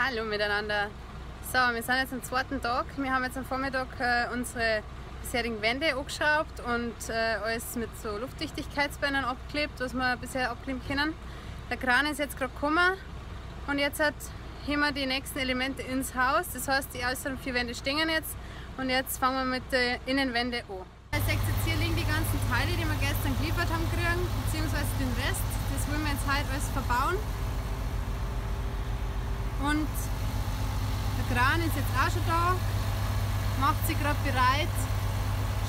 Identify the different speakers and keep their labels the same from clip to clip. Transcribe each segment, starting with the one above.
Speaker 1: Hallo miteinander. So, wir sind jetzt am zweiten Tag. Wir haben jetzt am Vormittag äh, unsere bisherigen Wände angeschraubt und äh, alles mit so Luftdichtigkeitsbändern abgeklebt, was wir bisher abkleben können. Der Kran ist jetzt gerade gekommen und jetzt hat wir die nächsten Elemente ins Haus. Das heißt, die äußeren vier Wände stehen jetzt und jetzt fangen wir mit den Innenwände an. Als seht jetzt hier liegen die ganzen Teile, die wir gestern geliefert haben, kriegen, beziehungsweise den Rest. Das wollen wir jetzt halt alles verbauen. Und der Kran ist jetzt auch schon da, macht sich gerade bereit,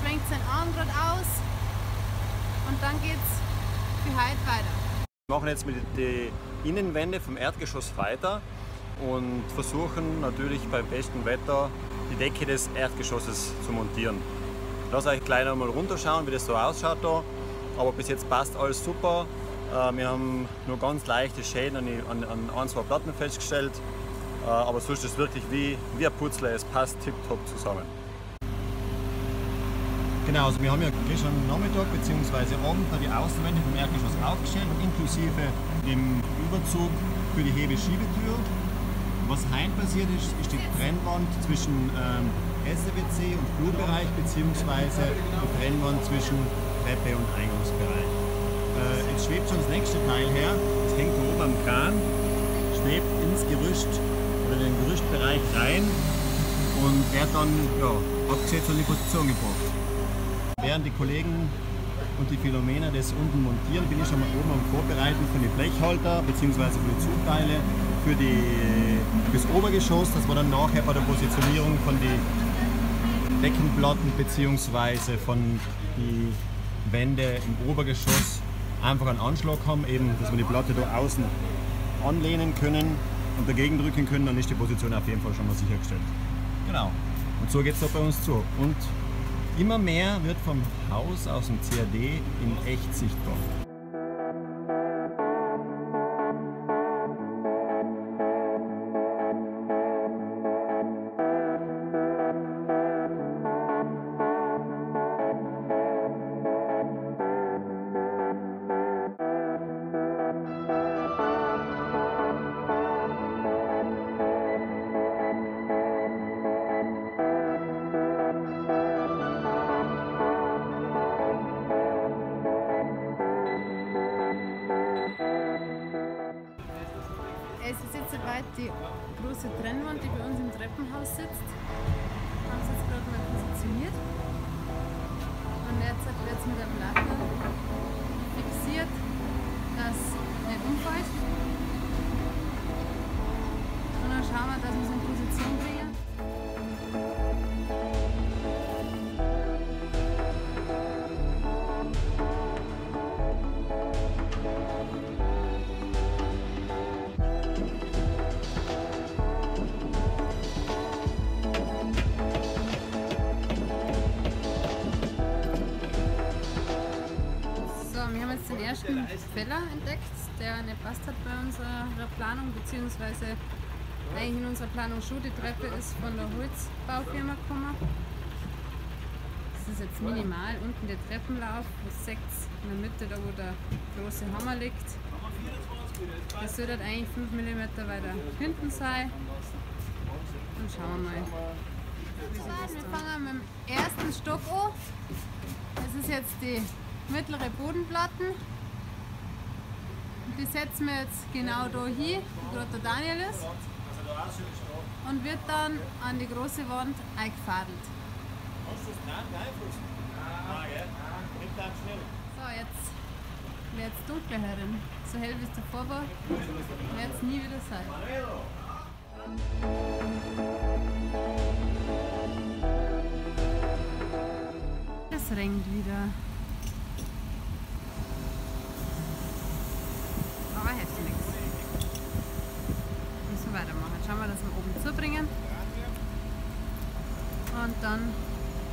Speaker 1: schwenkt seinen Arm gerade aus und dann geht es für heute weiter.
Speaker 2: Wir machen jetzt mit den Innenwände vom Erdgeschoss weiter und versuchen natürlich beim besten Wetter die Decke des Erdgeschosses zu montieren. Ich lasse euch gleich nochmal runterschauen, wie das so ausschaut da. Aber bis jetzt passt alles super. Äh, wir haben nur ganz leichte Schäden an, an, an ein, zwei Platten festgestellt. Äh, aber so ist es wirklich wie, wie ein Putzler. Es passt tipptopp zusammen. Genau, also wir haben ja gestern Nachmittag bzw. Abend die Außenwände vom Erdgeschoss aufgestellt, inklusive dem Überzug für die Hebeschiebetür. Was heim passiert ist, ist die Trennwand zwischen ähm, SWC und Flurbereich bzw. die Trennwand zwischen Treppe und Eingangsbereich. Äh, jetzt schwebt schon das nächste Teil her. Es hängt oben am Kran, schwebt ins Gerüst oder in den Gerüstbereich rein und wird dann ja, abgesetzt und in die Position gebracht. Während die Kollegen und die Philomena das unten montieren, bin ich schon mal oben am Vorbereiten für die Blechhalter bzw. für die Zugteile, für, die, für das Obergeschoss, dass wir dann nachher bei der Positionierung von den Deckenplatten bzw. von den Wände im Obergeschoss einfach einen Anschlag haben, eben, dass wir die Platte da außen anlehnen können und dagegen drücken können, dann ist die Position auf jeden Fall schon mal sichergestellt. Genau. Und so geht es da bei uns zu. Und immer mehr wird vom Haus aus
Speaker 1: dem CAD in echt sichtbar. es ist jetzt soweit die große Trennwand, die bei uns im Treppenhaus sitzt. Wir Haben sie jetzt gerade mal positioniert. Und jetzt wird es mit einem Lappen fixiert, dass es nicht umfällt. Und dann schauen wir, dass Feller entdeckt, der nicht passt hat bei unserer Planung, beziehungsweise eigentlich in unserer Planung schon die Treppe ist von der Holzbaufirma gekommen. Das ist jetzt minimal. Unten der Treppenlauf, das sechs in der Mitte, da wo der große Hammer liegt. Das sollte halt eigentlich 5 mm weiter hinten sein. Und schauen wir mal. Wir fangen mit dem ersten Stock an. Das ist jetzt die mittlere Bodenplatten. Das setzen wir jetzt genau da hin, wo der Daniel ist.
Speaker 2: Und wird dann
Speaker 1: an die große Wand eingefadelt.
Speaker 2: Hast du das Nein beeinflusst? Nein, gell? Ah, Nicht
Speaker 1: dann schnell. So, jetzt wird es dunkler herin. So hell wie es davor war, wird es nie wieder sein. Es regnet wieder.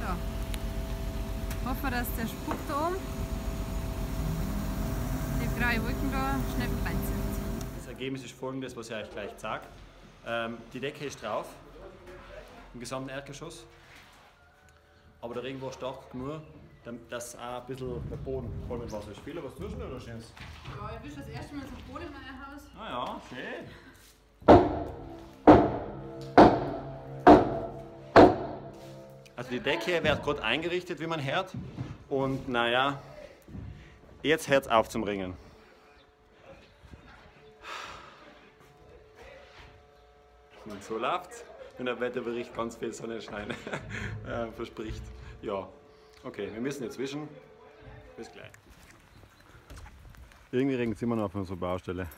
Speaker 1: So. Hoffen, dass der Spuck da oben, die grauen Wolken da, schnell verbrannt sind.
Speaker 2: Das Ergebnis ist folgendes, was ich euch gleich zeige. Ähm, die Decke ist drauf, im gesamten Erdgeschoss. Aber der Regen war stark genug, dass auch ein bisschen der Boden voll mit Wasser ist. Spieler, was tust du denn da Schönes? Ja, ich bin das erste Mal zum Boden in meinem Haus. Ah ja, schön. Also die Decke wird gerade eingerichtet, wie man hört. Und naja, jetzt hört es auf zum Ringen. Und so läuft es, wenn der Wetterbericht ganz viel Sonnenschein äh, verspricht. Ja, okay, wir müssen jetzt wischen. Bis gleich. Irgendwie regnet es immer noch auf unserer Baustelle.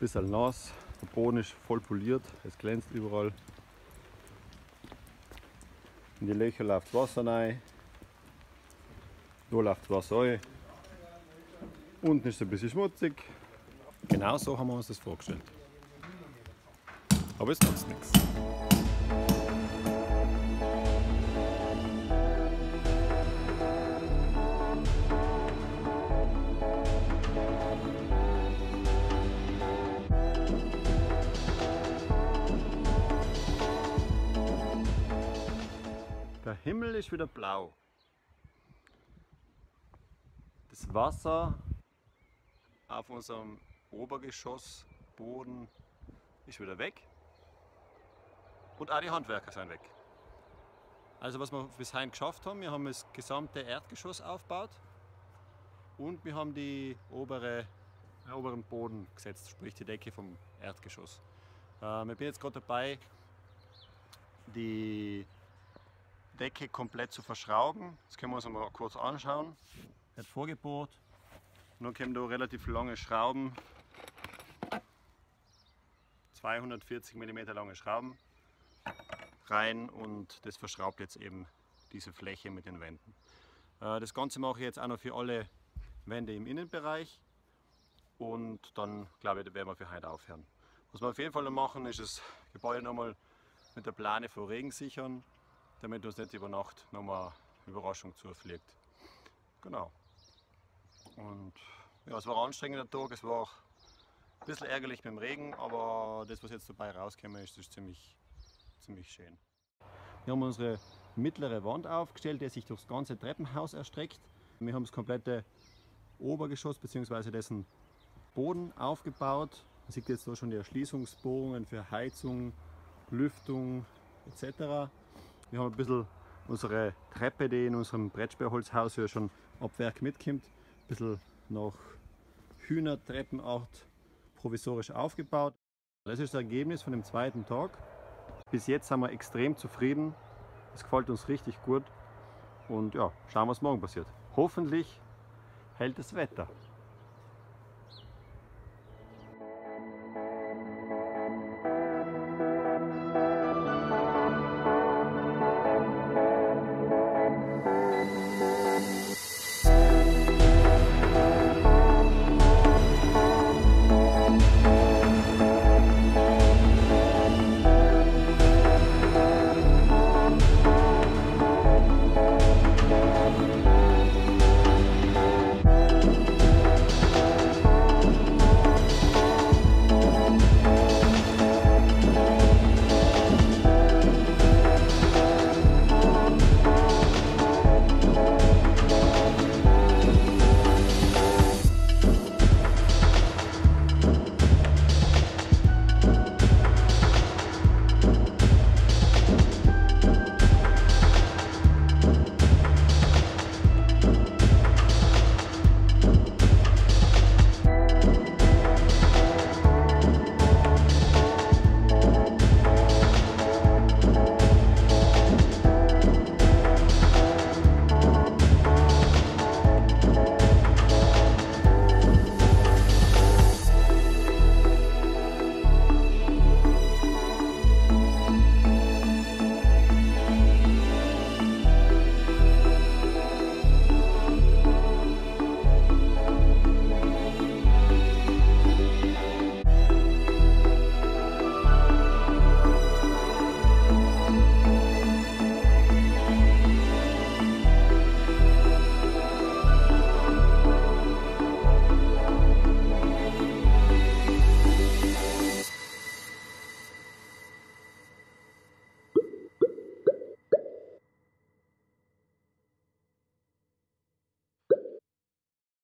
Speaker 2: Bisschen nass, der Boden ist voll poliert, es glänzt überall. In die Löcher läuft Wasser rein. Da läuft Wasser rein. Unten ist es ein bisschen schmutzig. Genau so haben wir uns das vorgestellt. Aber es nutzt nichts. ist wieder blau. Das Wasser auf unserem Obergeschossboden ist wieder weg. Und auch die Handwerker sind weg. Also was wir bis heim geschafft haben, wir haben das gesamte Erdgeschoss aufgebaut und wir haben die obere, den äh, oberen Boden gesetzt, sprich die Decke vom Erdgeschoss. Ähm, ich bin jetzt gerade dabei, die Decke komplett zu verschrauben. Das können wir uns mal kurz anschauen. Wird vorgebohrt. Nun kommen da relativ lange Schrauben. 240 mm lange Schrauben rein und das verschraubt jetzt eben diese Fläche mit den Wänden. Äh, das Ganze mache ich jetzt auch noch für alle Wände im Innenbereich und dann glaube ich, werden wir für heute aufhören. Was wir auf jeden Fall noch machen, ist das Gebäude nochmal mit der Plane vor Regen sichern damit uns nicht über Nacht nochmal Überraschung zufliegt. Genau. Und ja, es war ein anstrengender Tag, es war ein bisschen ärgerlich mit dem Regen, aber das, was jetzt dabei rausgekommen ist, ist ziemlich, ziemlich schön. Wir haben unsere mittlere Wand aufgestellt, die sich durchs ganze Treppenhaus erstreckt. Wir haben das komplette Obergeschoss bzw. dessen Boden aufgebaut. Man sieht jetzt da schon die Erschließungsbohrungen für Heizung, Lüftung etc. Wir haben ein bisschen unsere Treppe, die in unserem Brettsperrholzhaus ja schon ab Werk mitkommt, ein bisschen nach Hühnertreppenart provisorisch aufgebaut. Das ist das Ergebnis von dem zweiten Tag. Bis jetzt sind wir extrem zufrieden. Es gefällt uns richtig gut. Und ja, schauen, was morgen passiert. Hoffentlich hält das Wetter.